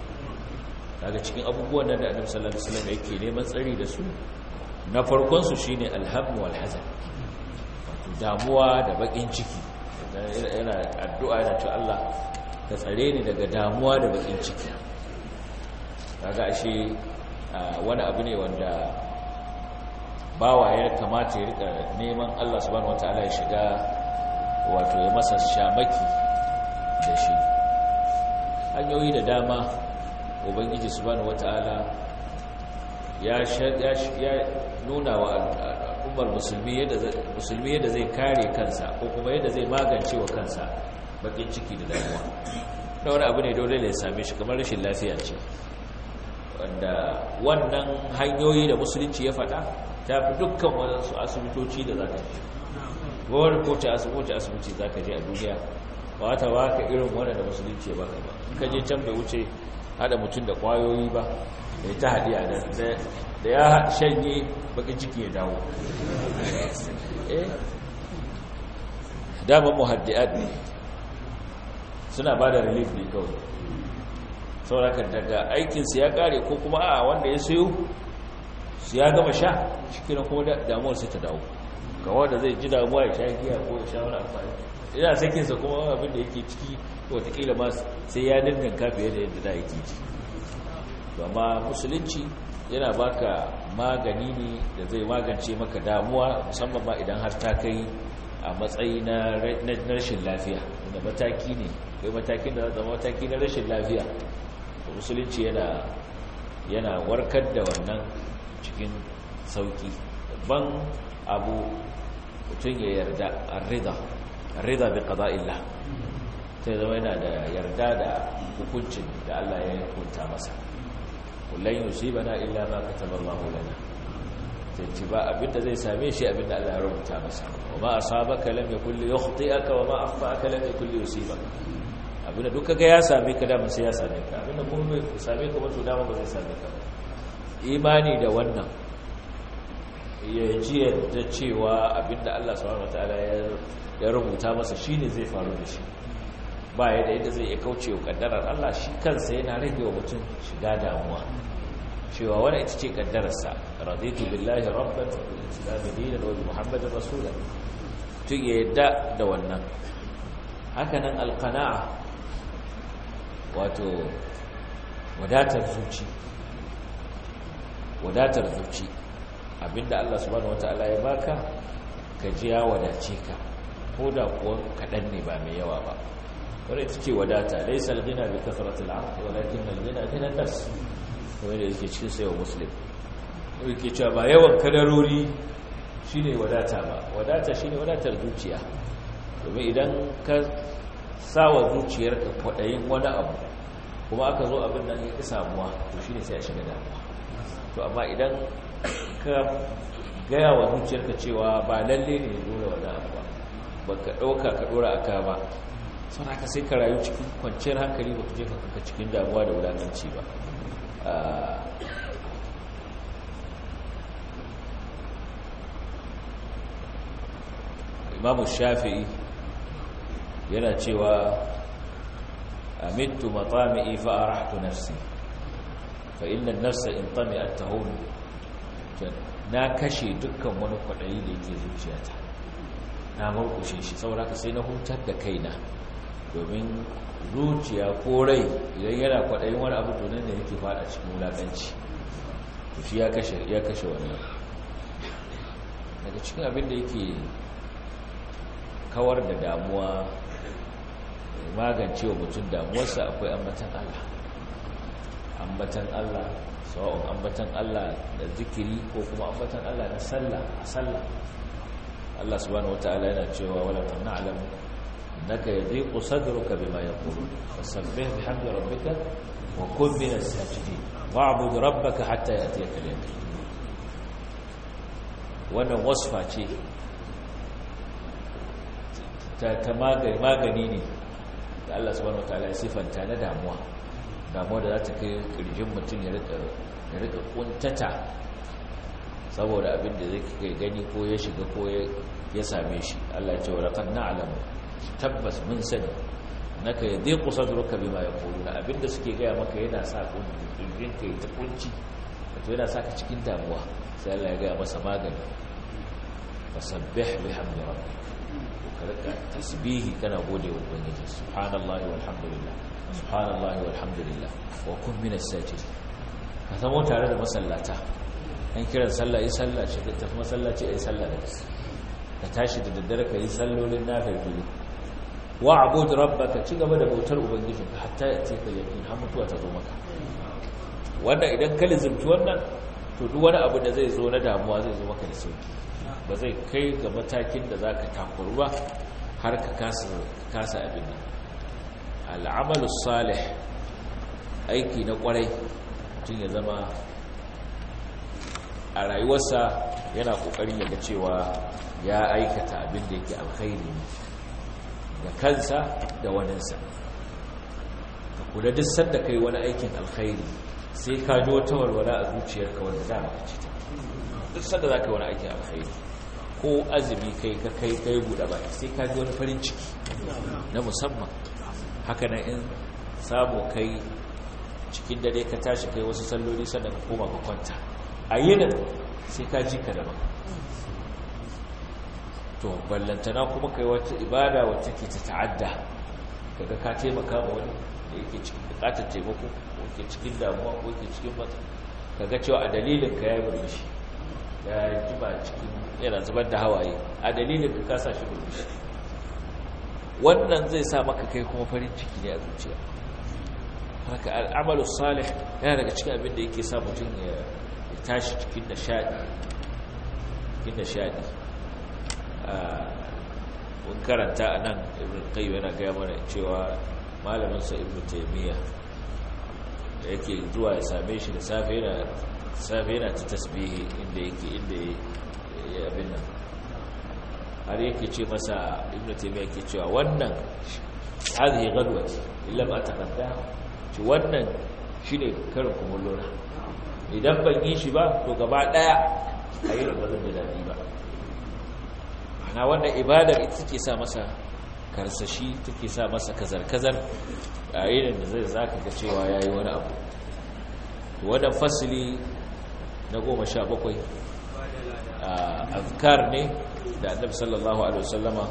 daga cikin abubuwan da annabi sallallahu alaihi wasallam yake neman tsari da su na farkon su shine al-hamm wal hazan damuwa da bakin ciki yana addu'a yana cewa Allah ka tsare ni daga damuwa da bakin ciki kaga ashe wani abu ne wanda bawa ya kamata ya rika neman Allah subhanahu wataala ya shiga wato ya masa shamaki da shi hanyoyi da dama ubangiji subhanahu wataala ya ya nuna wa al'ummar musulmi yadda zai kare kansa ko kuma yadda zai magance wa kansa bakin ciki da damuwa na wani abu ne dole ne same shi kamar rashin lafiya ce wanda wannan hanyoyi da musulunci ya fata ta fi dukkan wadansu asibitoci da za ka je gowar wani kowace asibitoci asibiti za ka je a duniya ba ta ba ka irin wani da musulunci ya baka ba in ka je can bai wuce haɗa mutum da ƙwayoyi ba da ta haɗiya da ya shanye bakin ciki ya dawo eh? Dama muhaddi'ad ne suna ba da relief ne kawai haka daga aikinsu ya kare ko kuma a wanda ya sayo su ya gama sha shi kira kuma damuwar sai ta dawo ga wanda zai ji damuwa ya sha giya ko ya sha wani amfani ina sakinsa kuma abin da yake ciki watakila ma sai ya danganka fiye da yadda da yake ji amma musulunci yana baka magani ne da zai magance maka damuwa musamman ma idan har ta kai a matsayi na rashin lafiya da mataki ne kai matakin da za zama mataki na rashin lafiya musulunci yana yana warkar da wannan cikin sauki ban abu mutum ya yarda arrida arrida bi qada'illah sai zama yana da yarda da hukuncin da Allah ya hukunta masa kullai kullun na illa ma kataba Allah lana sai ci ba abinda zai same shi abinda Allah ya rubuta masa wa ma asabaka lam yakul yukhti'aka wa ma akhfa'aka lam yakul yusibaka abinda duk kaga ya same ka damar sai ya same ka abinda kuma bai same ka wato damar dama ba zai same ka imani da wannan ya ji yadda cewa abinda Allah subhanahu wataala ya rubuta masa shi ne zai faru da shi ba ya da yadda zai iya kauce wa kaddarar Allah shi kansa yana rage wa mutum shiga damuwa cewa wani ita ce kaddararsa raditu billahi rabban wa islami dinan wa muhammadin rasulan tun ya yadda da wannan hakanan alqana'a wato wadatar zuci wadatar zuci abinda Allah subhanahu wataala ya baka ka ji ya wadace ka ko da kuwa kaɗan ne ba mai yawa ba wadda ita ce wadata laisal gina bi kasratil ardi walakin al-gina gina nafs kamar da yake cikin sayo muslim yake cewa ba yawan kadarori shine wadata ba wadata shine wadatar zuciya domin idan ka sawa zuciyar ka kwaɗayin wani abu kuma aka zo abin nan ya samuwa to shine sai a shiga damuwa to amma idan ka gaya wa zuciyarka cewa ba lalle ne dole wani abu ba ba ka ɗauka ka ɗora a ka ba sun haka sai ka rayu cikin kwanciyar hankali ba ku je ka cikin damuwa da wulaƙanci ba ah, imamu shafi'i yana cewa amittu matami'i fa arahtu nafsi fa inna an-nafsa in tahun na kashe dukkan wani kwaɗayi da yake zuciyata na murkushe shi saboda ka sai na hutar da kaina domin zuciya ko rai idan yana kwaɗayin wani abu to nan ne yake fada cikin wulaƙanci to shi ya kashe ya kashe wannan daga cikin abin da yake kawar da damuwa magance wa mutum damuwarsa akwai ambatan Allah ambatan Allah sawa'un ambatan Allah da zikiri ko kuma ambatan Allah na sallah a sallah Allah subhanahu wataala yana cewa wala na tan'alam annaka yadhiqu sadruka bima yaqulun da bihamdi rabbika wa kun wa sajidin wa'bud rabbaka hatta ya'tiyaka al-yaqin wannan wasfa ce ta magani ne da Allah subhanahu wataala ya sifanta na damuwa damuwa da za ta kai kirjin mutum ya rika kuntata saboda abin da zai gani ko ya shiga ko ya same shi Allah ya ce walakan na'lamu tabbas mun sani naka ya zai kusa duruka bima yaquluna abin da suke gaya maka yana sa kirjin ka yi ta ƙunci yana sa ka cikin damuwa sai Allah ya gaya masa magani fasabbih bihamdi rabbika ka rika tasbihi kana gode wa ubangiji subhanallahi walhamdulillah subhanallahi walhamdulillah wa kun min as-sajid ka zama tare da masallata an kiran sallah yi sallah shi da tafi masallaci yi sallah da ka tashi da daddare ka yi sallolin nafil wa abud rabbaka ci gaba da bautar ka hatta ya ce ka yakin har mutuwa ta zo maka wannan idan ka lizimci wannan to duk wani abu da zai zo na damuwa zai zo maka da sauki ba zai kai ga matakin da za ka takwaru ba har ka kasa abin nan al'amalu salih aiki na kwarai tun ya zama a rayuwarsa yana kokarin yaga cewa ya aikata abin da yake alkhairi ne da kansa da waninsa ka kula duk sanda kai wani aikin alkhairi sai ka ji wata walwala a zuciyarka wanda za a ci ta duk sanda za ka yi wani aikin alkhairi ko azumi kai ka kai kai buɗe baki sai ka ji wani farin ciki na musamman haka na in samu kai cikin dare ka tashi kai wasu salloli sannan ka koma ka kwanta a yinin sai ka ji ka daban to ballantana kuma kai wata ibada wacce ke ta ta'adda kaga ka taimaka ma wani da yake cikin bukatar taimako ko ke cikin damuwa ko ke cikin mata kaga cewa a dalilin ka ya murmushi ya jima cikin yana zubar da hawaye a dalilin ka kasa shi murmushi wannan zai sa maka kai kuma farin ciki ne a zuciya haka al'amalu salih yana daga cikin abin da yake sa mutum ya tashi cikin nishadi cikin a mun karanta a nan ibn qayyim yana gaya mana cewa malaminsa ibn taymiya yake zuwa ya same shi da safe yana ta tasbihi inda yake inda ya eh, abin nan har yake ce masa ibn taymiya yake cewa wannan hadhihi ghadwati illa ma taqadda ci wannan shine karin kumullo na idan ban yi shi ba to gaba daya ayi rubutu da dadi ba ana wannan ibadar ita take sa masa karsashi take sa masa kazar-kazar a irin da zai zaka ga cewa yayi wani abu wannan fasili na goma sha bakwai azkar ne da annabi sallallahu alaihi wasallama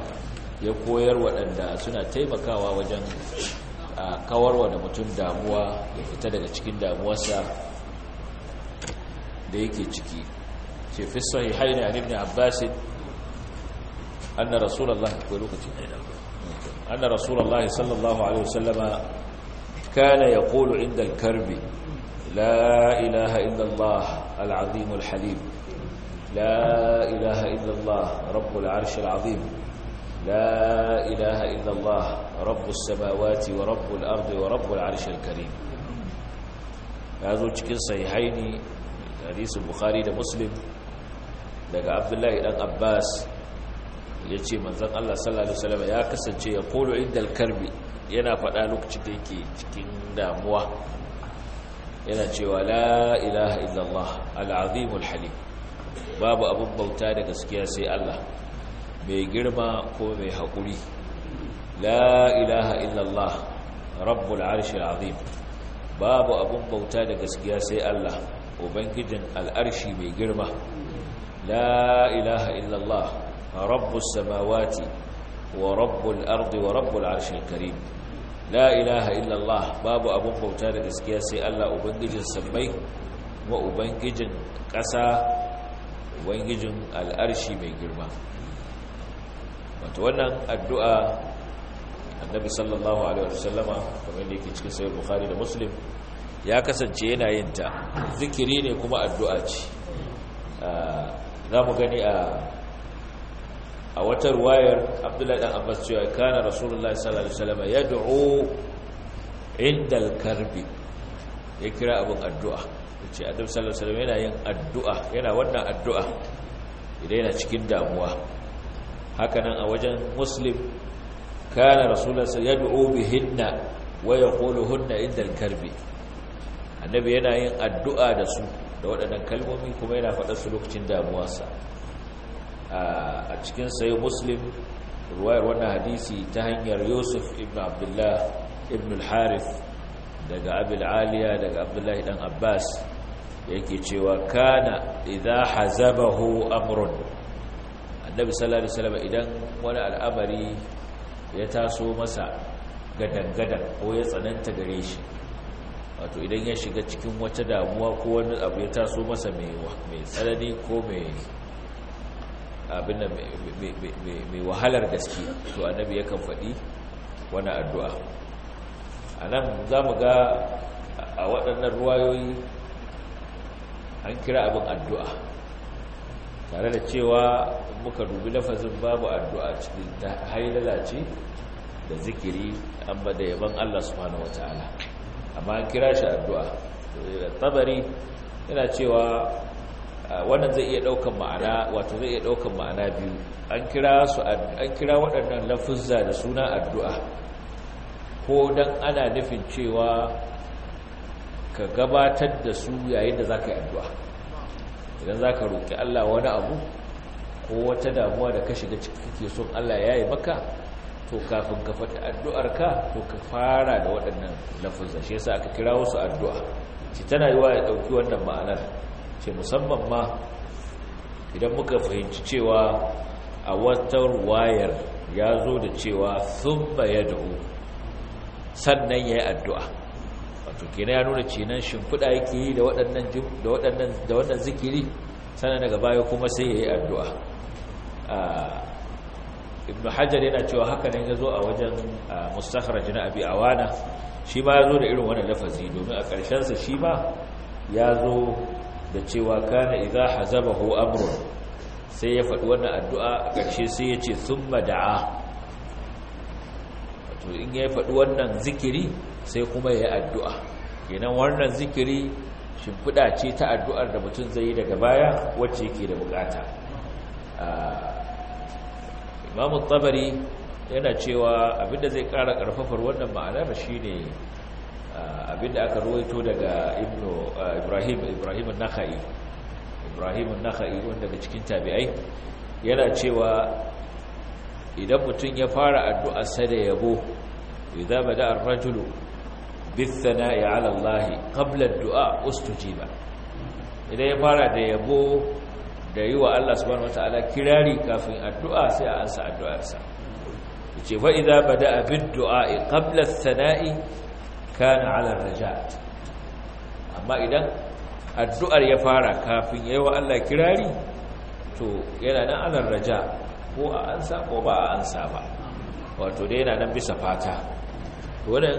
ya koyar waɗanda suna taimakawa wajen kawarwa da mutum damuwa ya fita daga cikin damuwarsa da yake ciki ce fi sahihain an ibn abbas anna rasulullahi ko lokaci anna rasulullahi sallallahu alaihi wasallama kana yaqulu inda al-karbi la ilaha inda allah al-azim لا إله إلا الله رب العرش العظيم لا إله إلا الله رب السماوات ورب الأرض ورب العرش الكريم هذا cikin sahihaini hadisi bukhari da muslim daga abdullahi dan abbas yace manzon Allah sallallahu alaihi wasallam ya kasance ya kulu indal karbi yana faɗa lokacin da yake cikin damuwa yana cewa la ilaha illallah al al halim babu abin bauta da gaskiya sai Allah mai girma ko mai haƙuri la ilaha illallah rabbul arshil azim babu abin bauta da gaskiya sai Allah ubangijin al'arshi mai girma la ilaha illallah rabbus samawati wa rabbul ardi wa rabbul arshil karim la ilaha illallah babu abin bauta da gaskiya sai Allah ubangijin sammai wa ubangijin ƙasa ubangijin al'arshi mai girma wato wannan addu'a annabi sallallahu alaihi wasallama kamar da yake cikin sayar bukhari da muslim ya kasance yana yin ta zikiri ne kuma addu'a ce za mu gani a wata wayar abdullahi dan abbas cewa kana rasulullahi sallallahu alaihi wasallama ya inda al-karbi ya kira abin addu'a ce annabi sallallahu yana yin addu'a yana wannan addu'a idan yana cikin damuwa hakanan a wajen muslim kana rasulullah yad'u bihinna wa yaquluhunna inda al-karbi annabi yana yin addu'a da su da waɗannan kalmomi kuma yana faɗa su lokacin damuwarsa a cikin sayi muslim ruwayar wannan hadisi ta hanyar yusuf ibn abdullah ibn al-harith daga abil daga abdullahi dan abbas yake cewa kana idza hazabahu amrun annabi sallallahu alaihi wasallam idan wani al'amari ya taso masa gadangadan ko ya tsananta gare shi wato idan ya shiga cikin wata damuwa ko wani abu ya taso masa mai tsanani ko mai abin mai wahalar gaske to annabi yakan faɗi wani addu'a a nan za mu ga a waɗannan ruwayoyi an kira abin addu'a tare da cewa muka dubi lafazin babu addu'a cikin ta hailalace da zikiri an da yaban Allah hana wata'ala amma an kira shi addu'a tabari yana cewa wannan zai iya daukan ma'ana wato zai iya daukan ma'ana biyu an kira su an kira waɗannan lafuzza da suna addu'a ko don ana nufin cewa ka gabatar da su yayin da za ka yi addu'a idan za ka roƙi Allah wani abu ko wata damuwa da ka shiga ciki ke son Allah ya yi maka to kafin ka addu'ar ka, to ka fara da waɗannan lafuzza shi yasa aka kira wasu addu'a ci tana yi wa ya ɗauki wannan ma'anar ce musamman ma idan muka fahimci cewa a wata wayar ya zo da cewa sun ya sannan ya yi addu'a wato kenan ya nuna cinan shimfiɗa yake yi da waɗannan zikiri sannan daga baya kuma sai ya yi addu'a ibn Hajar yana cewa haka ne ya zo a wajen mustahar jina abi awana shi ma ya zo da irin wani lafazi domin a ƙarshensa shi ma ya zo da cewa kana iza hazaba ho amrun sai ya faɗi wannan addu'a a ƙarshe sai ya ce mada'a. da'a to in ya faɗi wannan zikiri sai kuma ya yi addu'a kenan wannan zikiri shimfiɗa ce ta addu'ar da mutum zai yi daga baya wacce yake da bukata imamu tabari yana cewa abinda zai ƙara ƙarfafar wannan ma'anar shi ne abinda aka ruwaito daga ibrahim ibrahim naka'i ibrahim naka'i wanda daga cikin tabi'ai yana cewa idan mutum ya fara sa da yabo idan bada ar-rajulu bithana'i 'ala alallahi qabla ad-du'a ustujiba idan ya fara da yabo da yi wa Allah subhanahu wataala kirari kafin addu'a sai a ansa addu'arsa yace fa idan bada bid-du'a qabla ath-thana'i kana 'ala ar-raja' amma idan addu'ar ya fara kafin ya yi wa Allah kirari to yana nan 'ala raja ko a ansa ko ba a ansa ba wato dai yana nan bisa fata wannan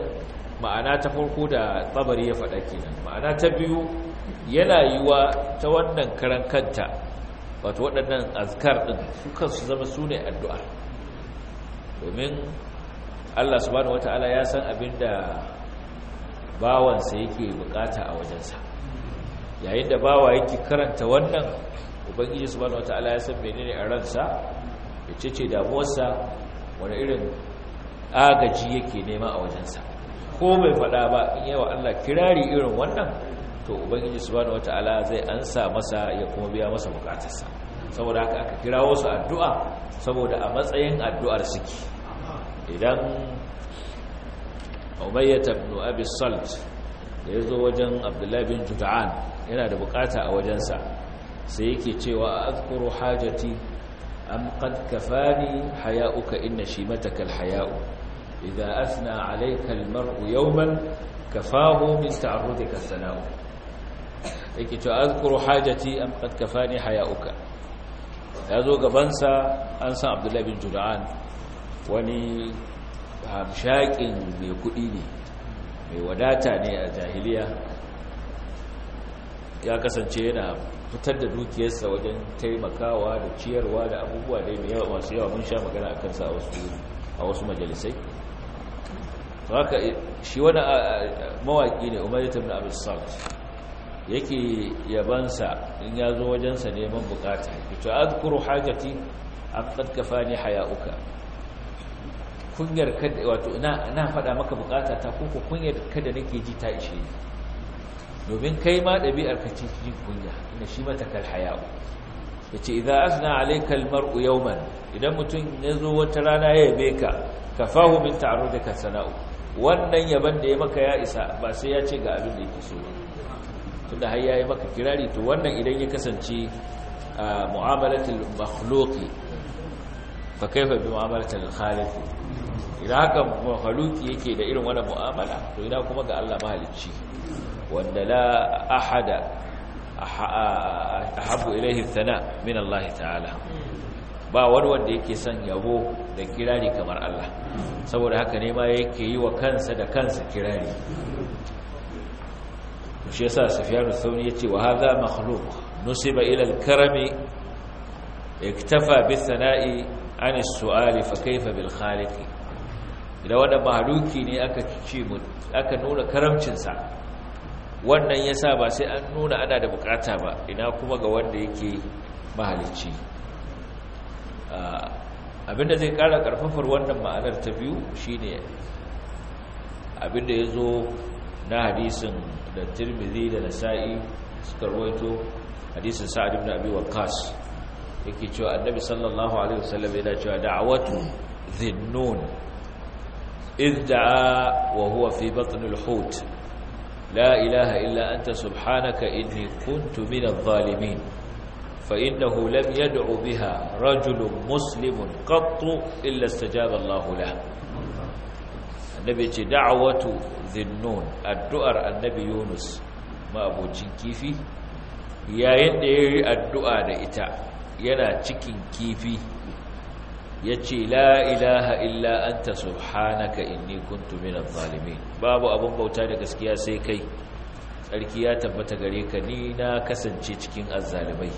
ma'ana ta farko da tsabari ya faɗa kenan ma'ana ta biyu yana yiwa ta wannan karan kanta wato waɗannan azkar ɗin su kansu zama su addu'a domin Allah subhanahu wata'ala ya san abin da bawansa yake bukata a wajensa yayin da bawa yake karanta wannan ubangiji subhanahu wata'ala ya san menene a ransa yace ce damuwarsa wani irin agaji yake nema a wajensa ko bai faɗa ba in yawa Allah kirari irin wannan to ubangiji wata ala zai ansa masa ya kuma biya masa bukatarsa saboda haka aka kira wasu addu'a saboda a matsayin addu'ar suke idan umayyat ibn abi salt da ya zo wajen abdullahi bin jud'an yana da bukata a wajensa sai yake cewa a azkuru hajati am qad kafani haya'uka inna shimatakal haya'u idza athna 'alayka al-mar'u yawman kafahu min ta'arrudika sana'u yake to azkuru hajati am qad kafani haya'uka yazo sa an san abdullahi bin jud'an wani hamshakin mai kudi ne mai wadata ne a jahiliya ya kasance yana fitar da dukiyarsa wajen taimakawa da ciyarwa da abubuwa dai mai yawa masu yawa mun sha magana a kansa a wasu majalisai haka eh, shi wani mawaƙi ne umar yatim na abisalt yake yabansa in ya zo wajensa neman bukata ito kuro hajjati an tsarkafa ne haya'uka kunyar kada wato na faɗa maka bukata ta kuku kunyar kada nake ji ta ishe domin kai ma ɗabi'ar ka ce kunya ina shi mata kalhaya'u ya ce idan asna alaikal mar'u man, idan mutum ya zo wata rana ya yabe ka ka fahu min taro da ka sana'u wannan yaban da ya maka ya isa ba sai ya ce ga abin da yake so tunda har ya yi maka kirari to wannan idan ya kasance mu'amalatul makhluqi fa kaifa bi mu'amalatul idan haka makhluqi yake da irin wannan mu'amala to ina kuma ga Allah mahalicci wanda la ahada ahabu ilaihi thana min Allah ta'ala ba wani wanda yake son yabo da kirari kamar Allah saboda haka ne ma yake yi wa kansa da kansa kirari shi yasa Sufyan al-Thawri yace wa hadha makhluq nusiba ila al-karami iktafa bi-thana'i an as-su'ali fa kayfa bil-khaliq idan wanda mahluki ne aka ce aka nuna karamcin sa wannan ya sa ba sai an nuna ana da bukata ba ina kuma ga wanda yake mahalicci ah, abinda zai kara karfafar wannan ma'anar ta biyu shine abinda ya zo na hadisin da tirmidhi da nasa'i suka rawaito hadisin sa'ad ibn abi waqqas yake cewa annabi sallallahu alaihi wasallam yana cewa da'awatu dhinnun idda wa huwa fi batn al-hut لا إله إلا أنت سبحانك إني كنت من الظالمين فإنه لم يدع بها رجل مسلم قط إلا استجاب الله له النبي دعوة ذنون الدؤر النبي يونس ما أبو جنكيفي يا يندي الدؤر إتا ينا تشكين كيفي ce, la ilaha illa anta subhanaka inni kuntu minadh zalimin babu abun bauta da gaskiya sai kai tsarki ya tabbata gare ka ni na kasance cikin azzalimai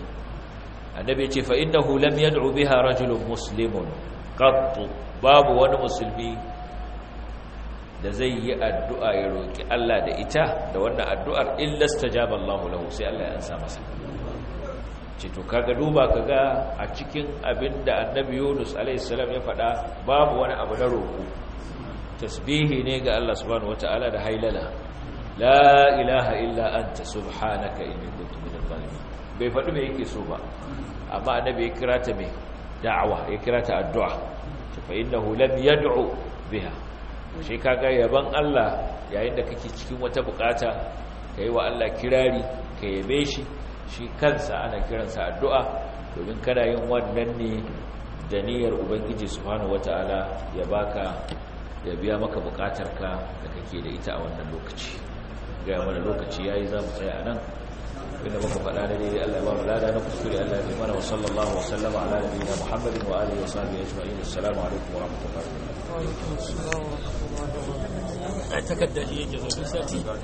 annabi yace fa innahu lam yad'u biha rajulun muslimun qat babu wani musulmi da zai yi addu'a ya roki Allah da ita da wannan addu'ar illasta stajaba lahu sai Allah ya ansa masa ce kaga duba kaga a cikin abinda da annabi yunus a.s. ya faɗa babu wani abu na roƙo tasbihi ne ga allah subhanahu ta'ala da hailala la ilaha illa anta subhanaka inni kuntu minal zalimin bai faɗi me yake so ba amma annabi ya kira ta me da'awa ya kira ta addu'a fa innahu lam yad'u biha shi kaga yaban Allah yayin da kake cikin wata bukata yi wa Allah kirari ka yabe shi shi kansa ana kiransa addu'a domin kana yin wannan ne da niyyar ubangiji subhanahu ta'ala ya baka ya biya maka bukatarka da kake da ita a wannan lokaci Gaya mana lokaci yayi za mu tsaya nan inda muka faɗa da dai Allah ba na kuskure Allah ya mana wa sallama ala Muhammadin wa wa assalamu alaikum wa rahmatullahi wa